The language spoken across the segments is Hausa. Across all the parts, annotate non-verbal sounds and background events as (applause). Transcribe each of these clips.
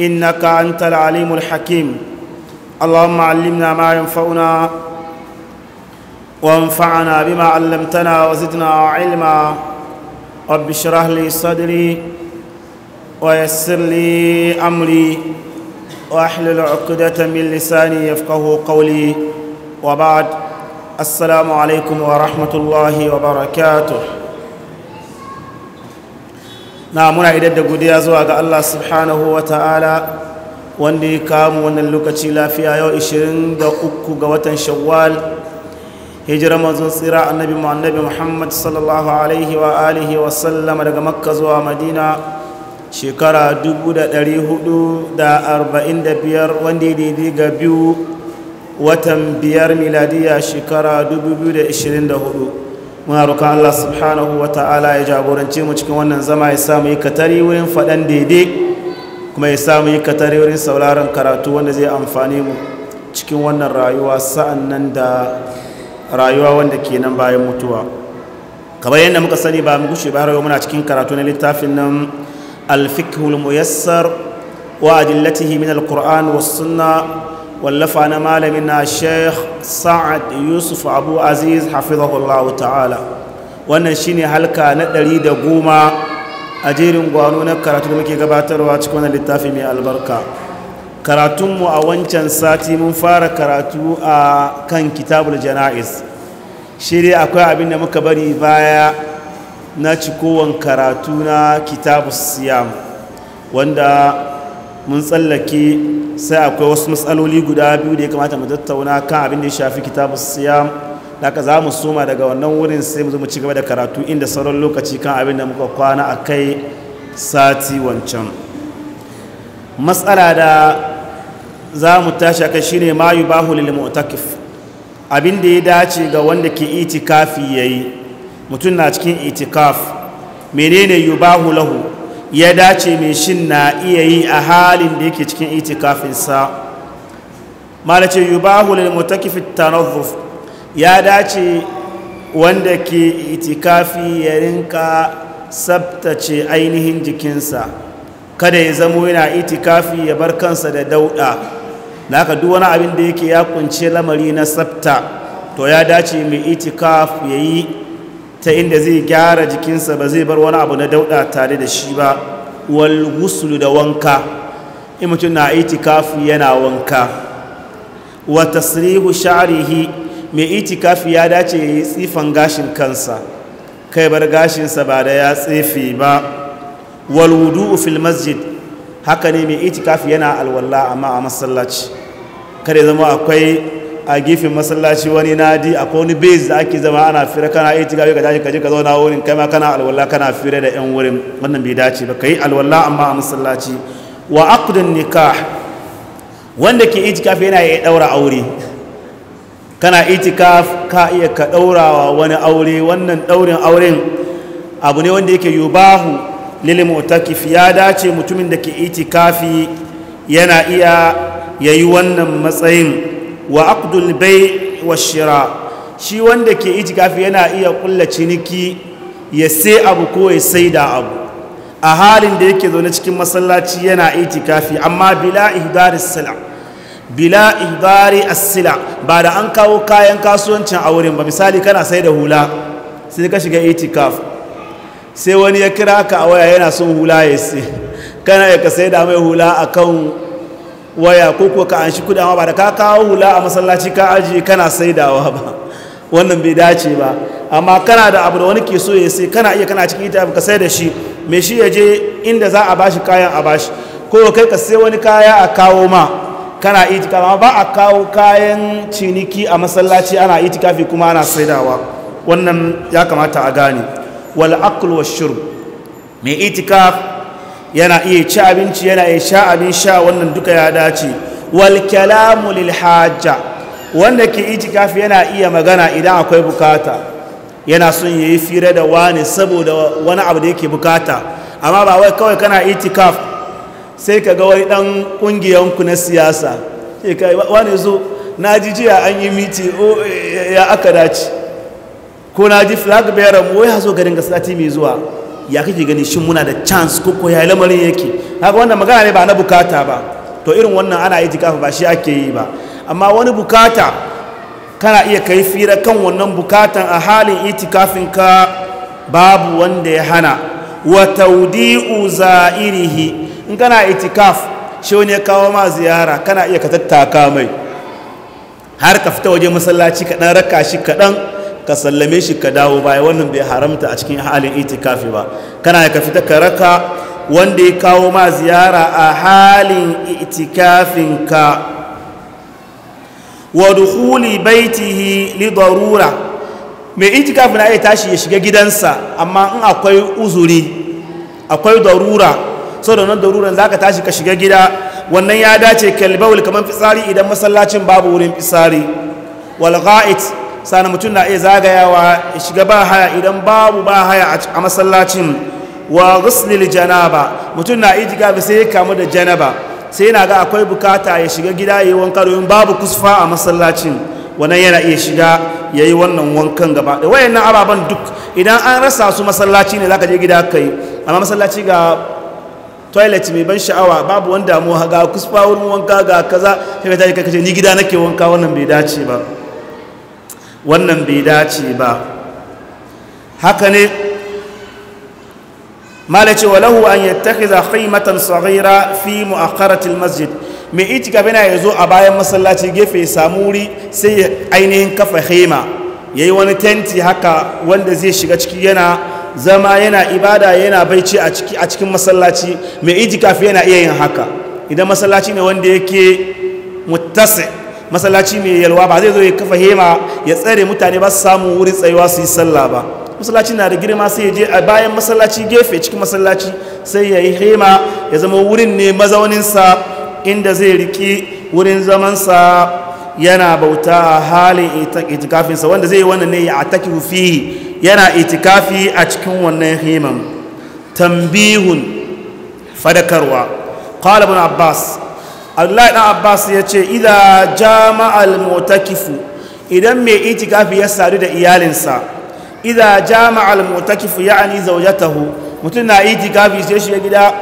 إنك أنت العليم الحكيم اللهم علمنا ما ينفعنا وانفعنا بما علمتنا وزدنا علما رب اشرح لي صدري ويسر لي أمري واحلل عقدة من لساني يفقه قولي وبعد السلام عليكم ورحمة الله وبركاته na muna idan da godiya zuwa ga Allah subhanahu wa ta'ala wanda ya kamu wannan lokaci lafiya yau 23 ga watan shawwal hijirar manzon tsira annabi annabi muhammad sallallahu alaihi wa alihi wa sallama daga makka zuwa madina shekara 445 wanda ya daidai ga biyu watan biyar miladiya shekara 2024 muna roƙon Allah subhanahu wa ta'ala ya jagorance mu cikin wannan zama ya samu yi katari wurin faɗan daidai kuma ya samu yi katari wurin sauraron karatu wanda zai amfani mu cikin wannan rayuwa sa'an nan da rayuwa wanda ke nan bayan mutuwa kamar yadda muka sani ba mu gushe ba rayuwa muna cikin karatu na littafin nan alfikhul muyassar wa adillatihi min alquran was sunna wallafa na malamin na sheikh sa'ad yusuf abu aziz hafizahullahu ta'ala wannan shine halka na ɗari da goma a jerin gwano na karatu da muke gabatarwa cikin wannan littafi mai albarka karatunmu a wancan sati mun fara karatu a kan kitabul jana'iz shi dai akwai abin da muka bari baya na cikowan karatu na kitabus siyam wanda mun tsallake sai akwai wasu matsaloli guda biyu da ya kamata mu tattauna kan abin da ya shafi kitabu siyam ka za mu soma daga wannan wurin sai mu zo mu ci gaba da karatu inda sauran lokaci kan abin da muka kwana a kai sati wancan matsala da za mu tashi shi ne ma yubahu lil mu'takif abin da ya dace ga wanda ke itikafi yayi mutum na cikin itikaf menene yubahu lahu ya dace mai shin na iya yi a halin da yake cikin itikafinsa malace yubahu lil mutakifi tanazzuf ya dace wanda ke itikafi ya rinka tsaftace ainihin jikinsa kada ya zamo yana itikafi ya bar kansa da dauɗa. naka haka duk wani abin da yake ya kunce lamari na tsafta to ya dace mai itikaf ya yi ta inda zai gyara jikinsa ba zai bar wani abu na dauɗa tare da shi ba wal guslu da wanka in mutum na itikafi yana wanka wa tasrihu sha'rihi mai itikafi ya dace ya yi tsifan gashin kansa kai bar gashinsa ba da ya tsefe ba wal wudu'u fil masjid haka ne mai itikafi yana alwala amma a masallaci kada zama akwai a gefen masallaci wani nadi a wani base da ake zama ana fira kana iya tigabe ka tashi kaje ka zauna wurin kai ma kana alwala kana fira da yan wurin wannan bai dace ba kai alwala amma a masallaci wa aqdun nikah wanda ke itikaf yana iya daura aure kana itikaf ka iya ka daurawa wani aure wannan daurin auren abu ne wanda yake yubahu lil mu'takif ya dace mutumin da ke itikafi yana iya yayi wannan matsayin wa aqdul bai wa shira shi wanda ke itikafi yana iya kulla ciniki ya sai abu ko ya sai da abu a halin da yake zo na cikin masallaci yana itikafi amma bila ihdaris sala bila ihdari as-sila ba da an kawo kayan kasuwancin a wurin ba misali kana sai da hula sai ka shiga itikaf sai wani ya kira ka a waya yana son hula ya sai kana ya ka sai da mai hula akan waya ko kuwa ka an shi kudi amma ba da ka kawo hula a masallaci ka aji kana saidawa ba wannan bai dace ba amma kana da abu da wani ke so ya sai kana iya kana cikin ita ka sai da shi mai shi ya je inda za a bashi kayan a bashi ko kai ka sai wani kaya a kawo ma kana itikafi amma ba a kawo kayan ciniki a masallaci ana itikafi kuma ana saidawa wannan ya kamata a gane wal aql wash shurb mai itikaf yana iya ci abinci yana iya sha abin sha wannan duka ya dace wal kalamu lil hajja wanda ke itikafi yana iya magana idan akwai bukata yana son yayi fira da wani saboda wani abu da yake bukata amma ba wai kawai kana itikaf sai ka ga wai dan kungiyanku na siyasa sai kai wani zo na ji jiya an yi miti ya aka dace ko na ji flag bearer mu wai hazo garin sati mai zuwa ya kake gani shin muna da chance ko ya lamarin yake haka wannan magana ne ba na bukata ba to irin wannan ana yi jikafa ba shi ake yi ba amma wani bukata kana iya kai fira kan wannan bukatan a halin itikafin ka babu wanda ya hana wa tawdi'u za'irihi in kana itikaf shi wani ya kawo ma ziyara kana iya ka tattaka mai har ka fita waje masallaci kaɗan raka shi kaɗan ka sallame shi ka dawo baya wannan bai haramta a cikin halin itikafi ba kana ka fita ka raka wanda ya kawo ma ziyara a halin itikafin ka wa dukhuli baitihi li darura mai itikafi na iya tashi ya shiga gidansa amma in akwai uzuri akwai darura so da darura daruran zaka tashi ka shiga gida wannan ya dace kalbawul kaman fitsari idan masallacin babu wurin fitsari wal sana mutum na iya zagayawa ya shiga ba haya idan babu ba haya a masallacin wa rusulil janaba mutum na iya jigabi sai ya kamu da janaba sai yana ga akwai bukata ya shiga gida ya yi wanka domin babu kusfa a masallacin wani yana iya shiga ya yi wannan wankan gaba da wayannan ababen duk idan an rasa su masallaci ne zaka je gida ka amma masallaci ga toilet mai ban sha'awa babu wanda mu ga kusfa wurin wanka ga kaza sai ka tashi ni gida nake wanka wannan bai dace ba wannan bai dace ba haka ne malace walahu an yattakhiza khimatan saghira fi mu'akharatil masjid mai itikafi na yazo a bayan masallaci gefe samu wuri sai ya ainihin kafa khima yayi wani tenti haka wanda zai shiga ciki yana zama yana ibada yana baici a ciki a cikin masallaci mai itikafi yana iya yin haka idan masallaci ne wanda yake muttasi masallaci mai yalwa ba zai zo ya kafa hema ya tsare mutane ba su samu wurin tsayuwa su yi sallah ba masallaci na da girma sai ya je a bayan masallaci gefe cikin masallaci sai ya yi hema ya zama wurin ne mazauninsa inda zai riki wurin zamansa yana bauta a halin itikafinsa wanda zai yi wannan ne ya ataki rufi yana itikafi a cikin wannan heman tambihun fadakarwa qala abbas abdullahi dan abbas ya ce idan jama'al al idan mai itikafi ya sadu da iyalinsa idan jama'a al ya ya'ni taho mutum na itikafi sai shi gida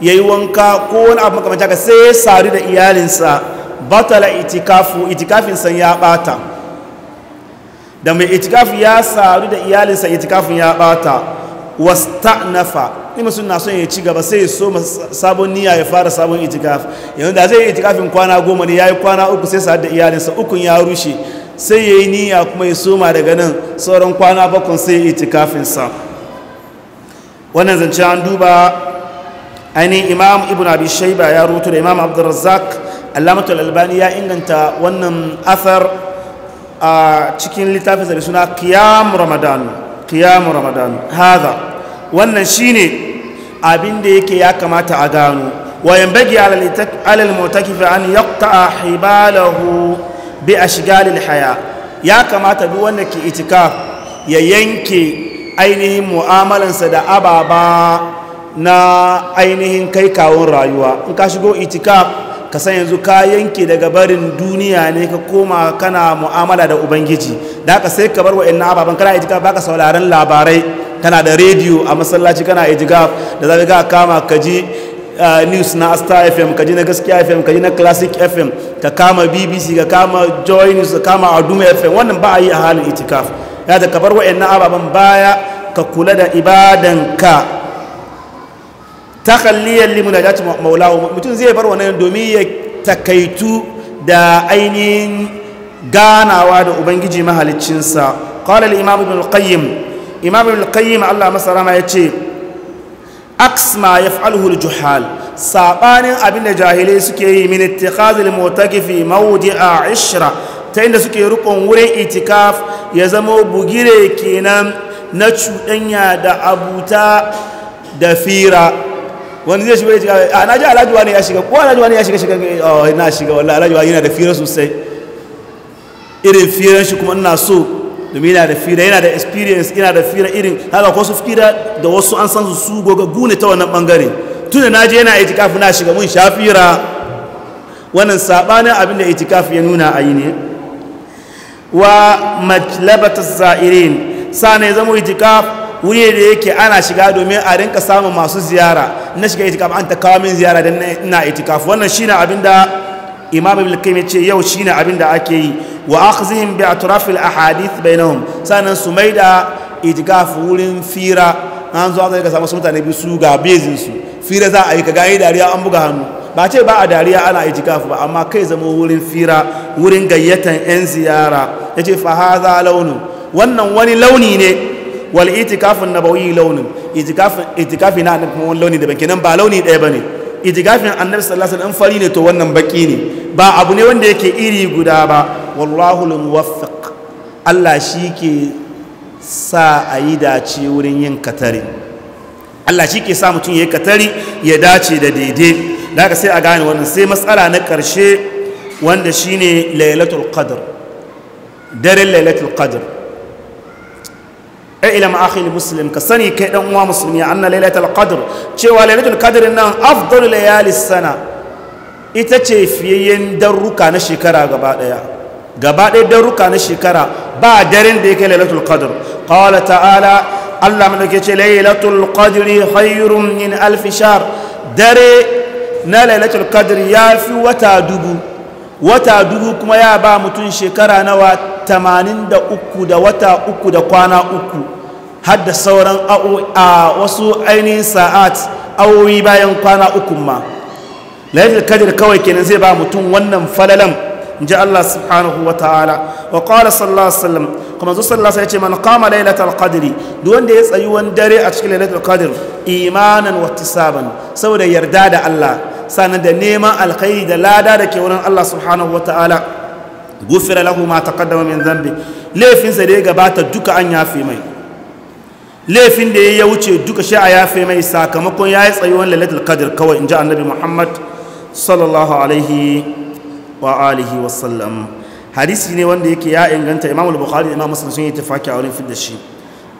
yayi wanka ko wani abu makamanta ka sai sadu da iyalinsa batala itikafu itikafinsa ya bata da mai itikafi ya sadu da iyalinsa itikafin ya bata wasta'nafa ni musu na son ya ci gaba sai ya so sabon niyya ya fara sabon itikaf yanzu da zai yi itikafin kwana goma ne yayi kwana uku sai sa da iyalinsa ukun ya rushe sai ya yi niyya kuma ya soma daga nan sauran kwana bakon sai ya yi itikafinsa wannan zance an duba ainihin imam ibn abi shaiba ya rutu da imam abdurrazzak alamatar albani ya inganta wannan athar a cikin littafin sa suna qiyam ramadan qiyam ramadan hadha wannan shine abin da yake ya kamata a gano wayan bagi alal mutakifi an yaqta hibalahu bi ashgalil haya ya kamata duk wanda ke itikaf ya yanke ainihin mu'amalansa da ababa na ainihin kai kawon rayuwa in ka shigo itika ka san yanzu ka yanke daga barin duniya ne ka koma kana mu'amala da ubangiji da haka sai ka bar wa'annan ababan kana itikaf baka sauraron labarai kana da rediyo a masallaci kana ijigaf da zaka ga kama ka ji ah, news na star fm ka ji na gaskiya fm ka ji na classic fm ka kama bbc ka kama joy news ka kama aduma fm wannan ba a yi a halin itikaf ya da kabar na ababen baya ka kula da ibadan ibadanka takalliyar limuna ya ci maulawo mutum zai bar wannan domin ya takaitu da ainihin ganawa da ubangiji mahalicinsa قال الإمام ابن القيم imam al-qayyim Allah masarama ya ce aks ma yaf'aluhu al-juhal sabanin abin da jahilai suke yi min ittikhaz al-mu'takifi mawdi'a ishra ta inda suke rukun wurin itikaf ya zama bugire kenan na cuɗanya da abuta da fira wani zai shiga itikaf a ji alhaji wani ya shiga ko alhaji wani ya shiga shiga oh, na shiga wallahi alhaji wani yana da fira sosai irin firan shi kuma ina so domin yana da fira yana da experience yana da fira irin haka ko su fira da wasu an san su goga gune ta wannan bangare tun da naje yana itikafi na shiga mun shafira wannan sabanin abin da itikafi ya nuna a yi ne wa majlabata za'irin sana ya zama itikaf wuri da yake ana shiga domin a rinka samun masu ziyara na shiga itikaf an ta kawo min ziyara don ina itikaf wannan shine abin da imam ibn qayyim yace yau shine abin da ake yi wa akhzihim bi atraf al ahadith bainahum sanan sumaida maida wurin fira an zo aka samu mutane bi su ga bezin su fira za a yi kaga yi dariya an buga hannu ba ce ba a dariya ana itikafu ba amma kai zama wurin fira wurin gayyatan yan ziyara yace fa hadha launu wannan wani launi ne wal itikafun nabawi launin itikafi na wani launi da ban kenan ba launi ɗaya bane idigafin annabi salasa an fari ne to wannan baki ne ba abu ne wanda yake iri guda ba wallahu al Allah shi ke sa a yi dace wurin yin katari Allah shi ke sa mutum ya yi katari ya dace da daidai da aka sai a gane wannan sai matsala na karshe wanda shine lailatul qadr daren lailatul qadr Eh, ilam akhil muslim ka sani kai dan uwa musulmi anna lailatul qadr cewa lailatul qadr nan afdalu layali sana ita ce fiyayyen daruka na shekara gaba daya gaba daya daruka na shekara ba daren da yake lailatul qadr qala ta'ala Allah mun yake ce lailatul qadri khairun min alf shahr dare na lailatul qadr ya fi wata dubu wata dubu kuma ya ba mutum shekara nawa tamanin da uku da wata uku da kwana uku har da sauran a wasu ainihin sa'at awowi bayan kwana uku ma laifin qadr kawai kenan zai ba mutum wannan falalan ji Allah subhanahu wa ta'ala wa ƙwada sallallahu alaihi wasallam kuma zu sallallahu alaihi man qama lailatul qadr Duwanda ya tsayi wani dare a cikin lailatul qadr imanan wa ihtisaban saboda yarda da Allah sannan da neman alkhairi da lada da ke wurin Allah subhanahu wa ta'ala gufira lahu ma taqaddama min dhanbi laifinsa da ya gabata duka an fi mai laifin da ya yi wuce duka shi a yafe mai sakamakon ya yi tsayuwan lalatul qadr kawai in ji annabi muhammad sallallahu alaihi wa alihi wasallam hadisi ne wanda yake ya inganta imam al-bukhari da imam muslim sun yi tafaki a wurin fidda shi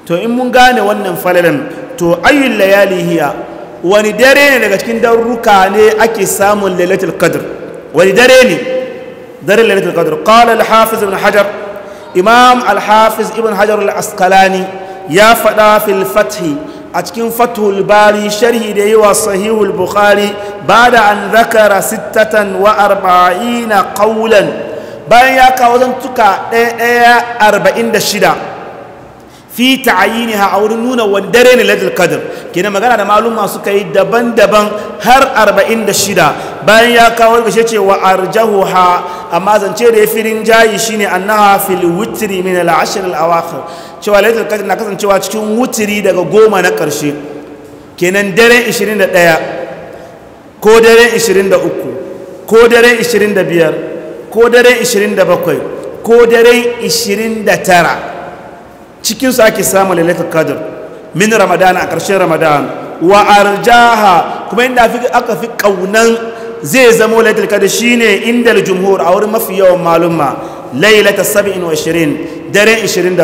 to in mun gane wannan falalan to ayyul layali hiya wani dare ne daga cikin daruruka ne ake samun lailatul qadr wani dare ne dare lailatul qadr qala al-hafiz ibn hajar imam al-hafiz ibn hajar al-asqalani ya faɗa fil fathi a cikin fathul bari sharhi da yi wa sahihul bukhari ba da an zakara sittatan wa arba'ina qawlan bayan ya kawo zantuka ɗaya ɗaya arba'in da shida fi ha a wurin nuna wandare ne ladil qadr kenan magana da maluma suka yi daban-daban har 46 bayan ya kawo bashe ce wa ha amma zance da ya yafi rinjayi shine annaha fil witri min al ashr al awakhir cewa ladil qadr na kasancewa cikin witri daga goma na karshe kenan dare 21 ko dare 23 ko dare 25 ko dare 27 ko dare 29 cikin su ake samu lailatul qadr min ramadan a ƙarshen ramadan wa arjaha kuma inda aka fi ƙaunan zai zamo lailatul qadr shine inda jumhur a wurin mafi yawan malumma lailata 27 dare 27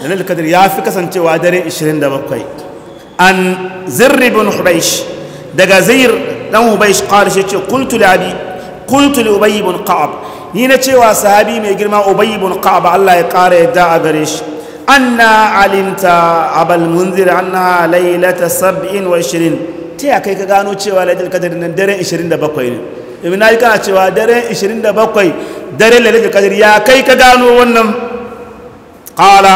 lailatul qadr ya fi kasancewa dare 27 an zirri bin hubaish daga zir dan hubaish qala shi ce qultu li abi qultu li ubay bin qa'ab ni na cewa sahabi mai girma ubay ibn ka'ab Allah ya kara yadda a gare shi anna alimta abal munzir anna lailata ishirin ta ya kai ka gano cewa lailatul qadr nan daren 27 ne ibn ali kana cewa dare 27 daren lailatul qadr ya kai ka gano wannan qala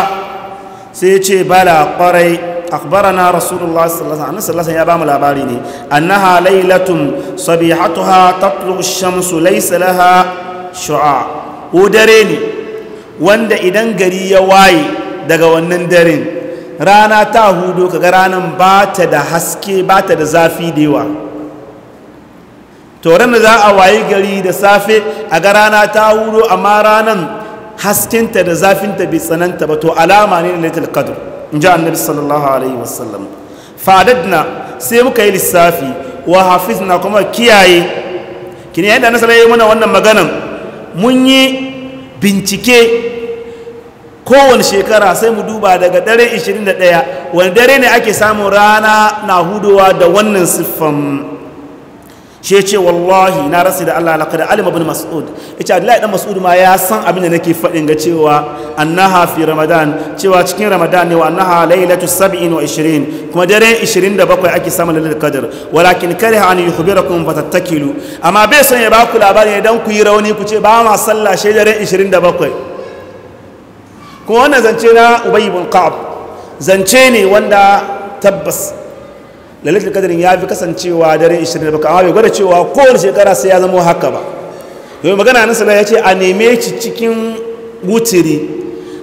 sai ce bala qarai أخبرنا رسول الله صلى الله عليه وسلم يا بام الأباريني أنها ليلة صبيحتها تطلع الشمس ليس لها shu'a ko dare ne wanda idan gari ya waye daga wannan daren rana ta hudu kaga ranan ba ta da haske ba ta da zafi da yawa to da za a waye gari da safe a ga rana ta hudu amma ranan haskinta da zafinta bai tsananta ba to alama ne na laitul qadr in ji annabi sallallahu alaihi wasallam fadadna sai muka yi lissafi wa na kuma kiyaye kini yadda na yi mana wannan maganan mun yi bincike kowane shekara sai mu duba daga dare 21 wani dare ne ake samun rana na hudowa da wannan siffan shi ya ce wallahi na rasu da Allah laƙada alim abin mas'ud ya ce abdullahi ɗan mas'ud ma ya san abin da nake faɗin ga cewa annaha fi ramadan cewa cikin ramadan ne wa annaha lailatu sab'in wa ishirin kuma dare ishirin da bakwai ake samun lalil kadar walakin kariha an yukhbirakum fatattakilu amma bai son ya ba ku labari idan ku yi rauni ku ce ba ma sallah shi dare ishirin da bakwai kuma wannan zance na ubay ibn ka'ab zance ne wanda tabbas lailatul kadirin ya fi kasancewa daren 27 amma bai gwada cewa kowace shekara sai ya zama haka ba domin magana nan sallallahu ya ce a neme ci cikin wuturi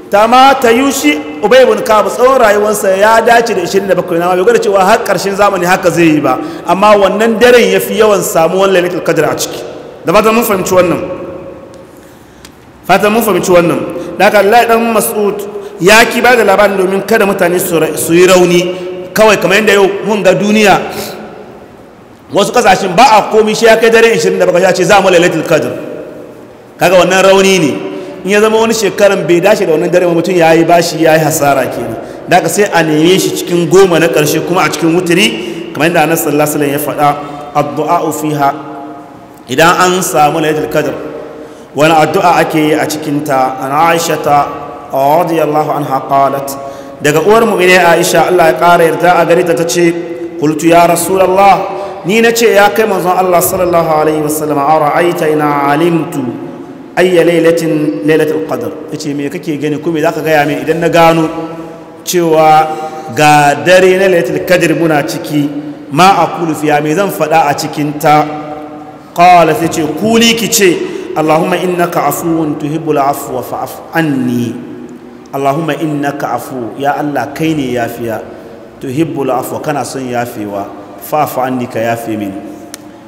ta ma ta yi shi ubay ibn ka'ab tsawon rayuwarsa ya dace da 27 amma bai gwada cewa har karshen zamani haka zai yi ba amma wannan daren ya fi yawan samu wani lailatul kadir a ciki da fatan mun fahimci wannan fatan mun fahimci wannan da aka Allah dan Mas'ud ya ki ba da labarin domin kada mutane su yi rauni kawai kamar yadda yau mun ga duniya wasu kasashen ba a komi shi ya kai dare 27 ya ce za mu lailatul qadr kaga wannan rauni ne in ya zama wani shekaran bai dace da wannan dare mutum ya yi bashi ya yi hasara kenan da ka sai a neme shi cikin goma na karshe kuma a cikin wuturi kamar yadda annabi sallallahu alaihi ya faɗa addu'a fiha idan an samu lailatul qadr wani addu'a ake yi a cikin ta an aisha ta radiyallahu anha qalat daga uwar mumini Aisha Allah ya kara yarda a gare ta tace qultu ya rasulullah ni nace ya kai manzon Allah sallallahu alaihi wasallam ara'aita ina alimtu ayya laylatin laylatul qadr tace me kake gani kuma zaka ga ya min idan na gano cewa ga dare na laylatul qadr muna ciki ma aqulu fiya me zan fada a cikin ta qala tace kuli kice allahumma innaka afuwun tuhibbul afwa fa'fu anni Allahumma innaka afu ya Allah kai ne yafiya tuhibbul afu kana son yafewa fa annika ka yafe min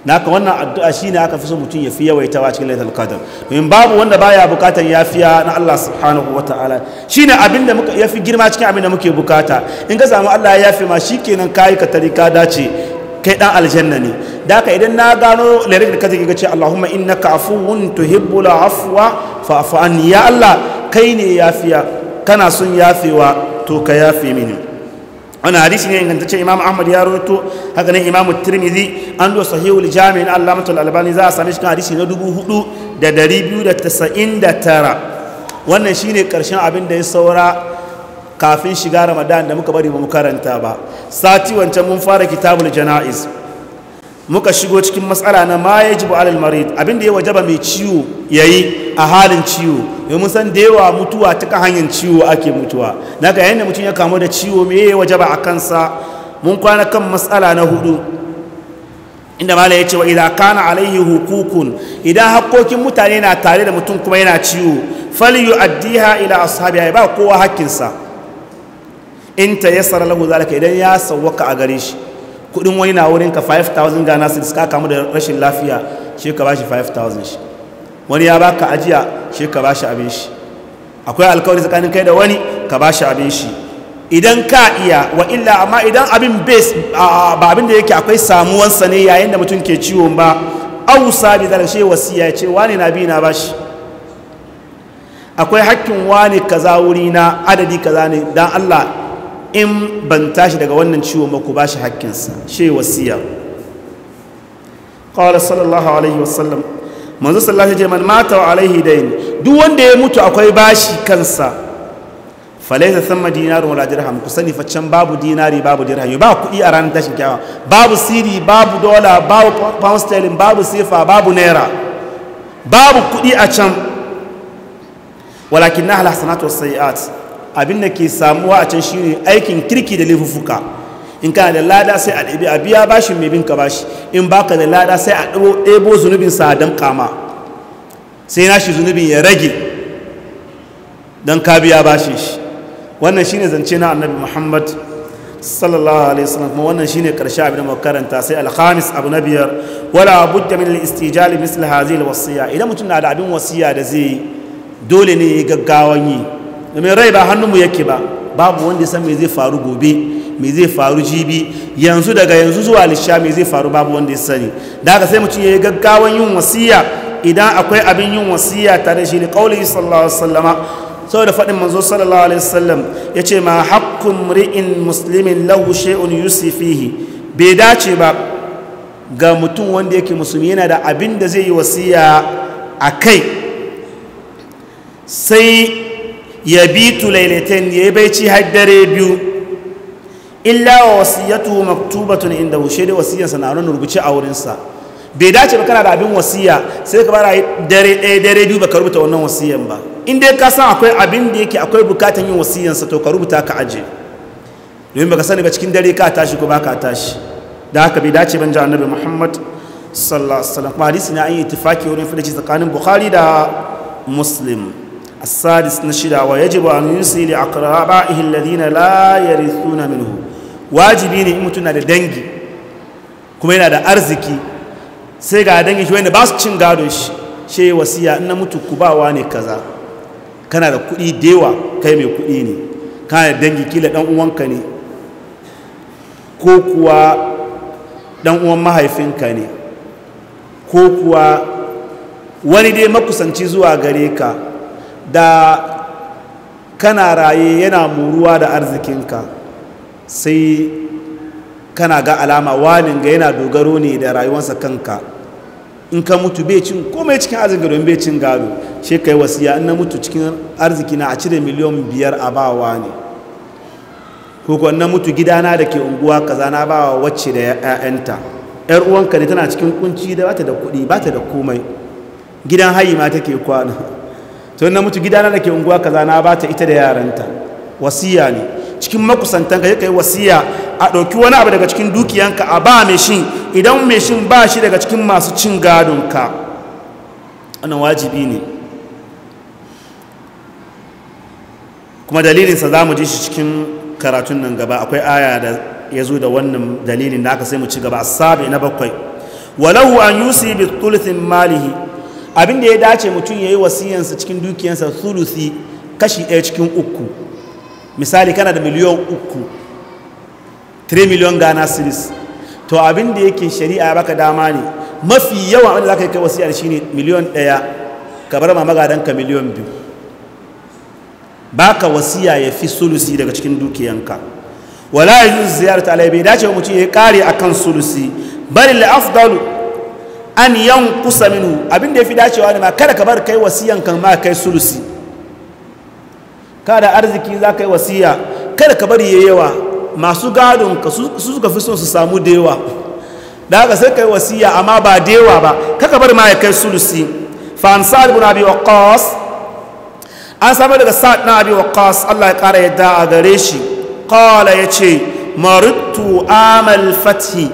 naka wannan addu'a shine aka fi so mutum ya fi yawaitawa cikin laylatul qadr min babu wanda baya bukatan yafiya na Allah subhanahu wa ta'ala shine abinda muka yafi girma cikin abinda muke bukata in ka samu Allah ya yafe ma shikenan kai ka tarika dace kai dan aljanna ne daka idan na gano lyric da kace ga ce Allahumma innaka afuwun tuhibbul afwa fa'fu anni ya Allah kai ne yafiya Tana sun yafewa to ka yafe mini wani hadisi ne ingantacce imam ahmad ya rawaito haka ne imam tirmidhi an do sahihul jami'in al'amatul albani za a same shi kan hadisi na dubu hudu da dari biyu da tasa'in da tara wannan shine karshen abin da ya saura kafin shiga ramadan da muka bari ba mu karanta ba sati wancan mun fara kitabul jana'iz muka shigo cikin matsala na ma ya jibu alal marid abinda ya wajaba mai ciwo ya yi a halin ciwo domin san da yawa mutuwa ta hanyar ciwo ake mutuwa na ga yadda mutum ya kamu da ciwo mai ya wajaba a kansa mun kwana kan matsala na hudu inda mala ya ce wa idan kana alaihi hukukun idan hakkokin mutane na tare da mutum kuma yana ciwo fali addiha ila ya ba kowa hakkinsa in ta yassara lahu zalika idan ya sawwaka a gare shi kudin wani na wurin ka 5000 Ghana cedis ka kamu da rashin lafiya shi ka bashi 5000 shi wani ya baka ajiya shi ka bashi abin shi akwai alkawari tsakanin kai da wani ka bashi abin shi idan ka iya wa illa amma idan abin base ba abin da yake akwai samuwansa ne yayin da mutum ke ciwon ba ausa bi zarshe wasiya ya ce wani na bi na bashi akwai hakkin wani kaza wuri na adadi kaza ne dan Allah in ban tashi daga wannan ciwon ba ku ba shi hakkinsa shi wasiya qala sallallahu alaihi wasallam manzu sallallahu alaihi wasallam mata wa alaihi dayn duk wanda ya mutu akwai bashi kansa falaisa thamma dinarun wala dirham ku sani fa can babu dinari babu dirham ba kuɗi a ranar tashin kyawa babu siri babu dola babu pound sterling babu sifa babu naira babu kuɗi a can walakin na hasanatu was sayiat abin da ke samuwa a can shine aikin kirki da laifuffuka in kana da lada sai a ɗabi a biya bashin mai binka bashi in baka da lada sai a ɗebo zunubin sa don kama sai na shi zunubin ya rage don ka biya bashin shi wannan shine zance na annabi muhammad sallallahu alaihi wasallam kuma wannan shine karshe abin da muka karanta sai alkhamis abu na biyar wala budda min al-istijali misl hadhihi al-wasiya idan mutum na da abin wasiya da zai dole ne ya gaggawan yi domin rai ba hannunmu yake ba babu wanda ya san me zai faru gobe me zai faru jibi yanzu daga yanzu zuwa lisha me zai faru babu wanda ya sani da aka sai mutum ya yi gaggawan yin wasiya idan akwai abin yin wasiya tare shi ne kauli sallallahu alaihi sau saboda faɗin manzo sallallahu alaihi wasallam ya ce ma haƙƙun ri'in muslimin lahu shay'un yusifihi bai dace ba ga mutum wanda yake musulmi yana da abin da zai yi wasiya a kai sai ya bi lailatain ya yi baici har dare biyu illa wa wasiyatu maktubatun inda hushe da wasiyarsa na nan rubuce a wurinsa bai dace ba kana da abin wasiya sai ka bara dare ɗaya dare biyu ba ka rubuta wannan wasiyan ba in dai ka san akwai abin da yake akwai bukatan yin wasiyansa to ka rubuta ka aje domin baka sani ba cikin dare ka tashi ko baka tashi da haka bai dace ban ji annabi muhammad sallallahu alaihi wasallam hadisi ne an yi ittifaki wurin fidaci tsakanin bukhari da muslim السادس نشدا ويجب أن ينسي لأقربائه الذين لا يرثون منه واجبين إمتنا لدنجي kuma yana da arziki sai ga dangin shi wanda ba su cin gado shi she wasiya in na mutu ku bawa ne kaza kana da kuɗi dewa kai mai kuɗi ne kana da dangi kila dan uwanka ne ko kuwa dan uwan mahaifinka ne ko kuwa wani dai makusanci zuwa gare ka da kana raye yana muruwa da arzikinka sai kana ga alama wani ga yana dogaro ne da rayuwarsa kanka in ka mutu bai cin komai cikin arzikin gado bai cin gado shi kai wasiya in na mutu cikin arziki na a cire miliyan biyar a wa ne ko na mutu gidana da ke unguwa kaza na bawa wacce da 'ya'yanta yar uwanka ne tana cikin kunci da bata da kuɗi bata da komai gidan hayi ma take kwana to na mutu gidana da ke unguwa kaza na bata ita da yaranta wasiya ne cikin makusantanka ya kai wasiya a ɗauki wani abu daga cikin dukiyanka a ba mai shi idan mai shi ba shi daga cikin masu cin gadonka wannan wajibi ne kuma dalilinsa za mu ji shi cikin karatun nan gaba akwai aya da ya zo da wannan dalilin da aka sai mu ci gaba a sabi na bakwai walahu an yusi bi tulithin malihi Abinda ya dace mutum ya yi wasiyansa cikin dukiyansa sulusi kashi ɗaya cikin uku misali kana da miliyon uku 3 miliyon ghana series to abinda yake shari'a ya baka dama ne mafi yawan abin da za ka yi kai wasiyar shine miliyon ɗaya ka bar ma magadanka miliyon biyu baka wasiya ya fi sulusi daga cikin dukiyanka wala yanzu ziyarar talai bai dace mutum ya yi kare a kan sulusi bari la an yan kusa minu abin da ya fi dacewa ne ma kada ka bar kai wasiyan kan ma kai sulusi kada arziki za ka yi wasiya kada ka bari yayewa masu gadon ka su suka fi son su samu da yawa da haka sai ka yi wasiya amma ba da yawa ba kaka bar ma ya kai sulusi fa an sa'ad ibn abi waqqas an samu daga sa'ad ibn abi waqqas Allah ya kara yadda a gare shi qala yace marittu amal fathi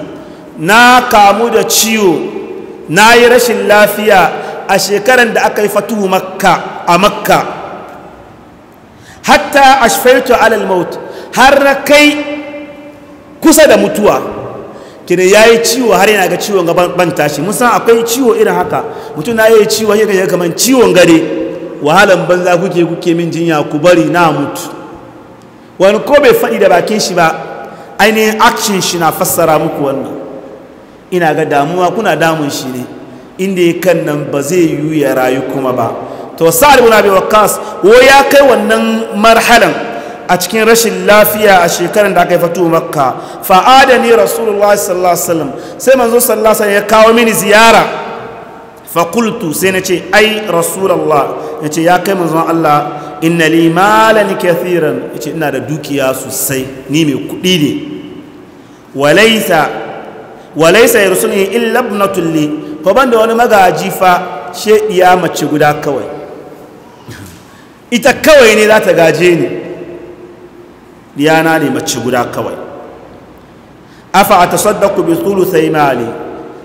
na kamu da ciwo na yi rashin lafiya a shekarar da aka yi fatu makka a makka hatta ashfaitu alal maut har na kai kusa da mutuwa kini ya yi ciwo har yana ga ciwon gaban ban tashi musan akwai ciwo irin haka mutum na yi ciwo yi ga kamar ciwon gare wahalan banza kuke kuke min jinya ku bari na mutu wani ko bai faɗi da bakin shi ba ainihin action shi na fassara muku wannan ina ga damuwa kuna damun shi ne inda ya kan nan ba zai yiwu ya rayu kuma ba to sa'ad ibn abi waqqas wo ya kai wannan marhalan a cikin rashin lafiya a shekarar da aka yi fatu makka fa'ada ni rasulullah sallallahu alaihi wasallam sai manzo sallallahu alaihi ya kawo mini ziyara fa qultu sai nace ai rasulullah yace ya kai manzo Allah inna li malan kathiran ce ina da dukiya sosai ni mai kudi ne walaysa walaisa rusuni illa na tulli ko ban da wani magaji fa she iya mace guda kawai ita kawai ne za ta gaje ni diyana ne mace guda kawai afa a atasaddaqu bi ma mali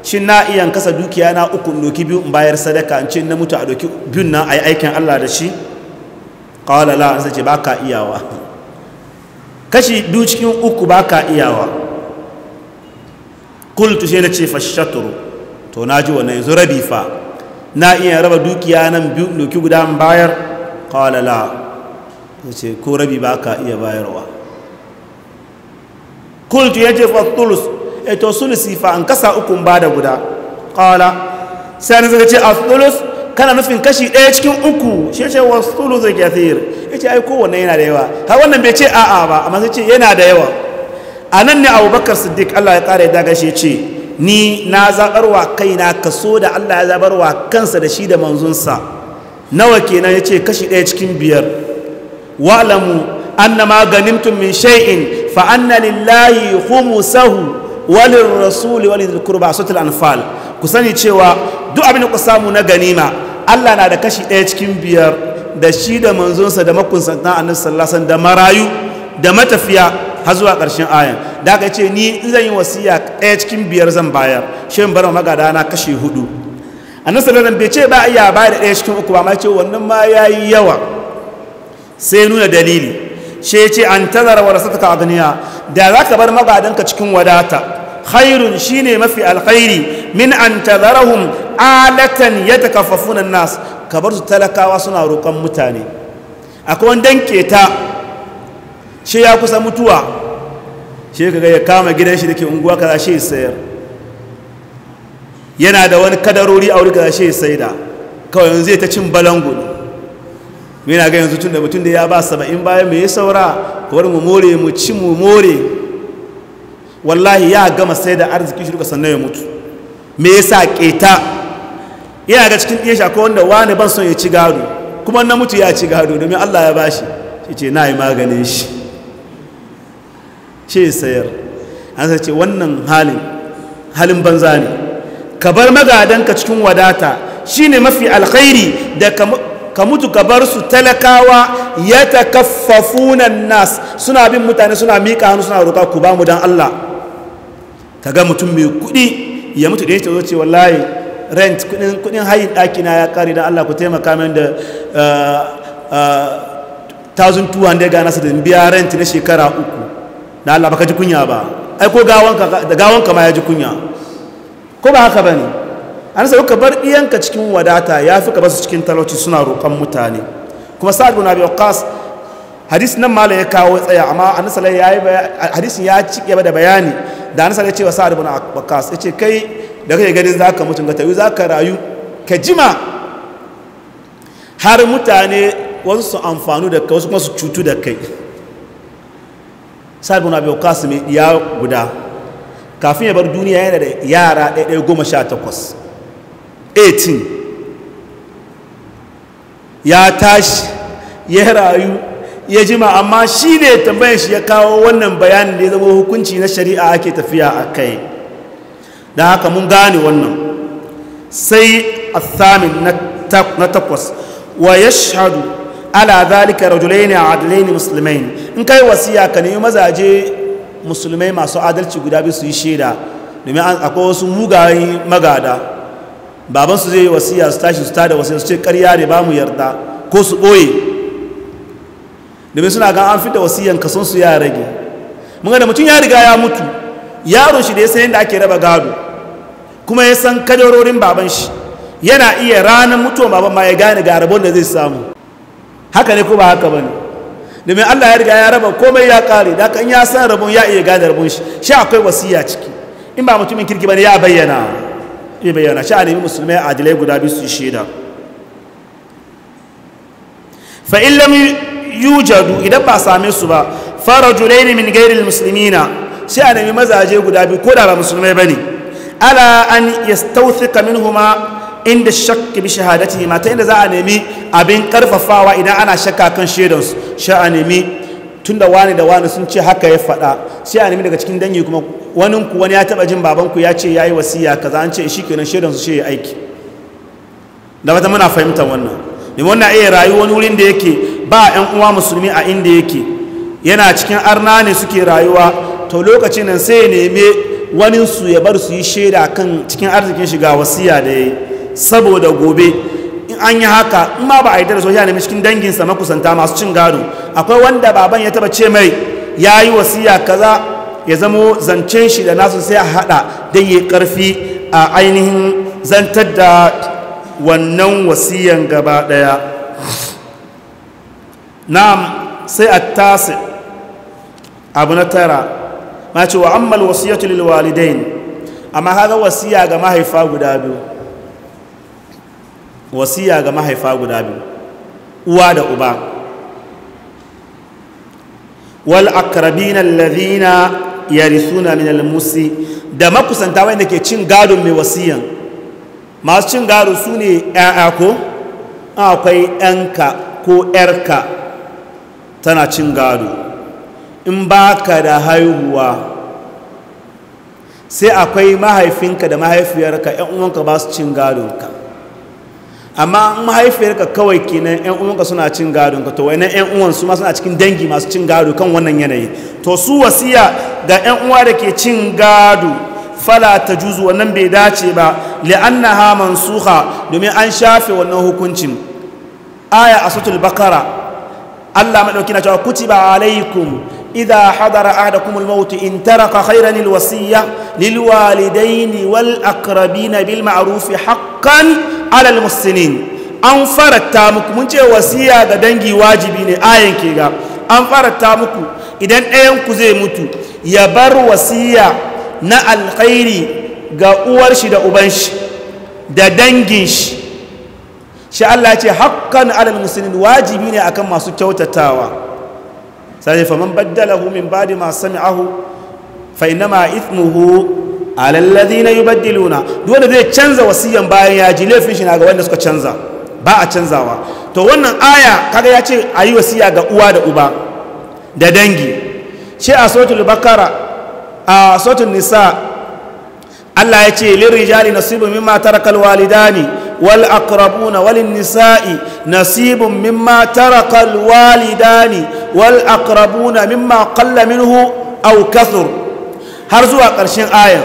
shi na iya kasa dukiya na uku doki biyu bayar sadaka in ce na mutu a doki biyun nan yi aikin Allah da shi qala la an sace ka iyawa kashi biyu cikin uku ba ka iyawa kultu sai na ce fashatru to na ji wannan yanzu rabi fa na iya raba dukiya nan biyu doki guda in bayar kawalala ya ce ko rabi ba ka iya bayarwa kultu ya ce fatulus e eh to sulusi fa an kasa ukun ba da guda kawala sai na zaka ce atulus kana nufin kashi ɗaya cikin uku shi ce wasu tulu zai kathir ya ce ai kowanne yana da yawa har wannan bai ce a'a ba amma sai ce yana da yawa a nan ne abubakar siddiq allah ya ƙara ya dagashe ce ni na zaɓarwa kaina kaso da allah ya zaɓarwa kansa da shi da manzunsa nawa kenan ya ce kashi ɗaya cikin biyar wa'lamu annama na ganimtum min shay'in fa anna lillahi khumsahu walin rasuli walin kurba sotil anfal ku sani cewa duk abin da ku samu na ganima Allah na da kashi ɗaya cikin biyar da shi da manzunsa da makunsantan annabi sallallahu da marayu da matafiya har zuwa ƙarshen ayan da aka ce ni in zan yi wasiya ɗaya cikin biyar zan bayar shi bar magada na kashe hudu annabi da bai ce ba iya ba da ɗaya cikin uku ba ma ce wannan ma yayi yawa sai nuna dalili shi ce an tazara warasataka agniya da za ka bar magadanka cikin wadata khairun shine mafi alkhairi min an tadarahum alatan yatakaffafuna nas bar su talakawa suna roƙon mutane akwai danke ta shi ya kusa mutuwa shi ka ya kama gidan shi da ke unguwa kaza shi sayar yana da wani kadarori a wuri kaza shi saida kawai yanzu zai ta cin balangu ne yana ga yanzu tun da mutum da ya ba saba'in bayan mai saura kawar mu more mu ci mu more wallahi ya gama sai da arziki shi duka sannan ya mutu me yasa keta yana ga cikin ɗiyasha ko wanda wani ban son ya ci gado kuma na mutu ya ci gado domin allah ya bashi shi ce na yi maganin shi ce sayar an ce wannan halin halin banza ne ka bar magadanka cikin wadata shi ne mafi alkhairi da ka mutu ka bar su talakawa ya takaffafunan nas suna bin mutane suna miƙa hannu suna roƙa ku ba mu don Allah ka ga mutum mai kuɗi ya mutu da ya ce ce wallahi rent kuɗin hayin ɗakina ya ƙari don Allah ku taimaka min da 1,200 eh, eh, ga nasa da biya rent na shekara uku da Allah baka ji kunya ba ai ko gawanka gawanka ma ya ji kunya ko ba haka bane an sai ka bar iyanka cikin wadata ya fi ka basu cikin talauci suna roƙon mutane kuma sa'ad bin abi waqas hadis nan mala ya kawo tsaya amma annabi sallallahu alaihi wasallam hadisin ya gaba da bayani da annabi sallallahu ya ce wa sa'ad bin waqas yace kai da kake ganin zaka mutun ga tayu zaka rayu ka jima har mutane wasu amfanu da kai wasu kuma su cutu da kai sa'ad bin abi waqas ya guda kafin ya bar duniya yana da yara ɗaya goma sha takwas 18 ya tashi ya rayu ya jima amma shi ne tambayar shi ya kawo wannan bayanin da ya zama hukunci na shari'a ake tafiya a kai da haka mun gane wannan sai athamin na takwas wa ya yashhadu ala zalika rajulaini adlaini muslimain in kai wasiya ka nemi mazaje musulmai masu adalci guda biyu su yi shaida domin akwai wasu mugayen magada baban su zai yi wasiya su tashi su tada wasiya su ce karya ne ba mu yarda ko su ɓoye domin suna ga an fita wasiyan sun su ya rage mun da mutum ya riga ya mutu yaron shi da ya san yadda ake raba gado kuma ya san kadarorin baban shi yana iya ranar mutuwa baban ma ya gane ga rabon da zai samu haka ne ko ba haka ba ne domin allah ya riga ya raba komai ya kare da kan ya san rabon ya iya gane rabon shi shi akwai wasiya ciki in ba mutumin kirki ba ne ya bayyana ya bayyana shi a nemi musulmai adilai guda biyu su shaida fa in lam yujadu idan ba same su ba farajulain min ghairil muslimina sai a nemi mazaje guda biyu ko da ba musulmai bane ala an yastawthika minhuma inda shakki bi shahadatihi mata inda za a nemi abin karfafawa idan ana shakka kan shaidansu sha a nemi tunda wani da wani sun ce haka ya faɗa sai a nemi daga cikin dangi kuma wani ku wani ya taɓa jin babanku ya ce yayi yi wasiya kaza an ce shi kenan shaidansu shi ya aiki da wata muna fahimtar wannan ne wannan iya rayu wani wurin da yake ba yan uwa musulmi a inda yake yana cikin arna ne suke rayuwa to lokacin nan sai ya neme su ya bar su yi shaida kan cikin arzikin shiga wasiya da ya yi saboda gobe in an yi haka in ma ba a yi da soja ne cikin danginsa makusanta masu cin gado akwai wanda baban ya taba ce mai ya yi wasiya kaza ya zamo zancen shi da nasu sai a hada don yi karfi a ainihin zantar da wannan wasiyan gaba daya na'am sai a tasi abu na tara ma ce wa ammal wasiyatu lil walidain amma haka wasiya ga mahaifa guda biyu wasiya ga mahaifa guda biyu uwa da uba wal akrabina alladhina yarithuna min almusi da makusanta wanda ke cin gado mai wasiyan masu cin gado su ne ‘ya'ya ko akwai ‘yanka ko ‘yarka tana cin gado in ba ka da haihuwa sai akwai mahaifinka da mahaifiyarka ‘yan uwanka ba su cin gadonka amma mahaifiyarka kawai kenan yan uwanka suna cin gadon ka to wayannan yan uwan su ma suna cikin dangi masu cin gado kan wannan yanayi to su wasiya ga yan uwa da ke cin gado fala ta juzu wannan bai dace ba ha mansuha domin an shafe wannan hukuncin aya a bakara Allah madauki na cewa kutiba alaikum إذا حضر أحدكم الموت إن ترك خيرا الوصية للوالدين والأقربين بالمعروف حقا على المحسنين an farata muku mun ce wasiya ga dangi wajibi ne ayan ke ga an faranta muku idan ɗayan ku zai mutu ya bar wasiya na alkhairi ga uwar shi da uban shi da dangin shi shi Allah ce hakkan alal musulmin wajibi ne akan masu kyautatawa sai faman baddalahu min ba'di ma sami'ahu fa inma ithmuhu ala alladhina yubaddiluna dole zai canza wasiyan bayan ya ji laifin shi na ga wanda suka canza ba a canzawa to wannan aya kaga ya ce ayi wasiya ga uwa da uba da dangi ce a suratul bakara a suratul nisa Allah ya ce lirijali nasibu mimma tarakal walidani والأقربون وللنساء نصيب مما ترك الوالدان والأقربون مما قل منه أو كثر هرزوا قرشين آية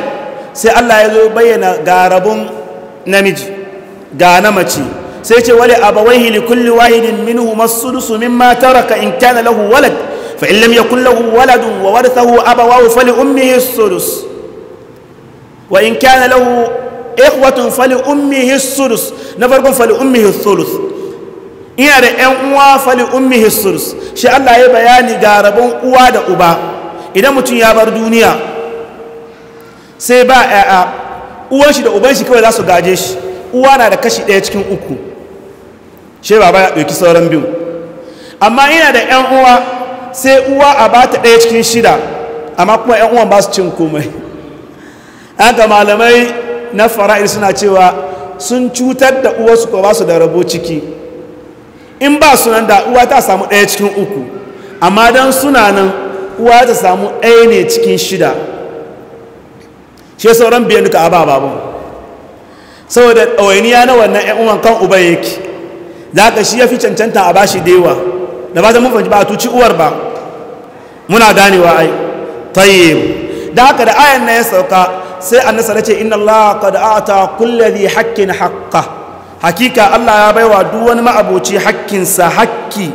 سي الله يزو بيّن غارب نمج غانمتي سيتي ولي أبويه لكل واحد منهما السدس مما ترك إن كان له ولد فإن لم يكن له ولد وورثه أبواه فلأمه السدس وإن كان له ikhwatun fali ummihi sulus na farkon fali ummihi sulus ina da yan uwa fali ummihi sulus shi Allah ya bayani ga rabon uwa da uba idan mutum ya bar duniya sai ba ƴaƴa uwan shi da uban shi kawai za su gaje shi uwa na da kashi ɗaya cikin uku shi baba ya ɗauki sauran biyu amma ina da yan uwa sai uwa a ba ta ɗaya cikin shida amma kuma yan uwan ba su cin komai haka malamai na faraid suna cewa sun cutar da uwarsu ko ba su da rabo ciki in ba su nan da uwa ta samu ɗaya cikin uku amma don suna nan uwa ta samu ɗaya ne cikin shida shi sauran biyan duka a bababun saboda ɗawainiya na wannan ‘yan uwan kan uba yake za ka shi ya fi cancanta a bashi da yawa da ba ta mun fahimci ba a tuci uwar ba muna ganewa ai tayyib da haka da ayan na ya sauka sai annasa ce inna Allah qad ata kulli dhi haqqin haqqa hakika Allah ya baiwa duk wani ma'aboci hakkin sa hakki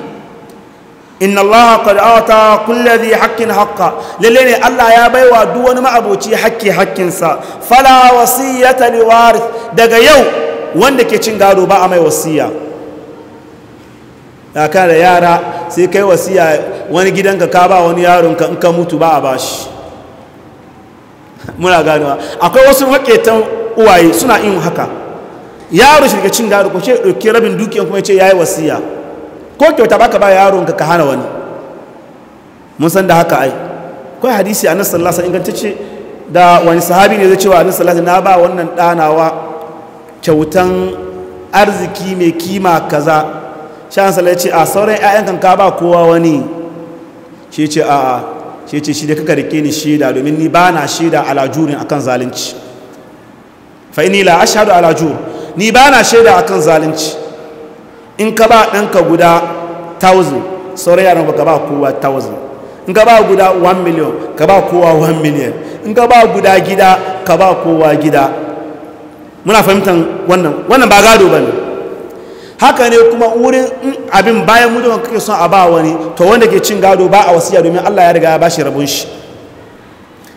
inna Allah qad ata kulli dhi haqqin haqqa lalle ne Allah ya baiwa duk wani ma'aboci haƙƙi hakkin sa fala wasiyata li warith daga yau wanda ke cin gado ba a mai wasiya ya da yara sai kai wasiya wani gidanka ka ba wani yaronka in ka mutu ba a bashi muna ganuwa. akwai wasu maketan uwaye suna yin haka yaro shirka cin gado ko ce ɗauki rabin dukiyan kuma ce ya yi wasiya ko kyauta baka ba yaron ka hana wani mun san da haka ai kawai hadisi a nasarar lasa ingantacce da wani sahabi ne zai cewa a nasarar lasa na ba wannan ɗanawa kyautan arziki mai kima kaza shan salai ce a sauran 'ya'yan kan ka ba kowa wani shi ce a shi ce shi da kaka rike ni shida domin ni ba na shida alajurin akan zalunci fa inni la ashhadu ala ni ba na shida akan zalunci in ka ba ɗanka guda 1000 sauran yaran ba ka ba kowa 1000 in ka ba guda 1 million ka ba kowa 1 million in ka ba guda gida ka ba kowa gida muna fahimtar wannan wannan ba gado ba ne haka ne kuma wurin abin bayan mutuwa kake son a ba wani to wanda ke cin gado ba a wasiya domin Allah ya riga ya bashi rabon shi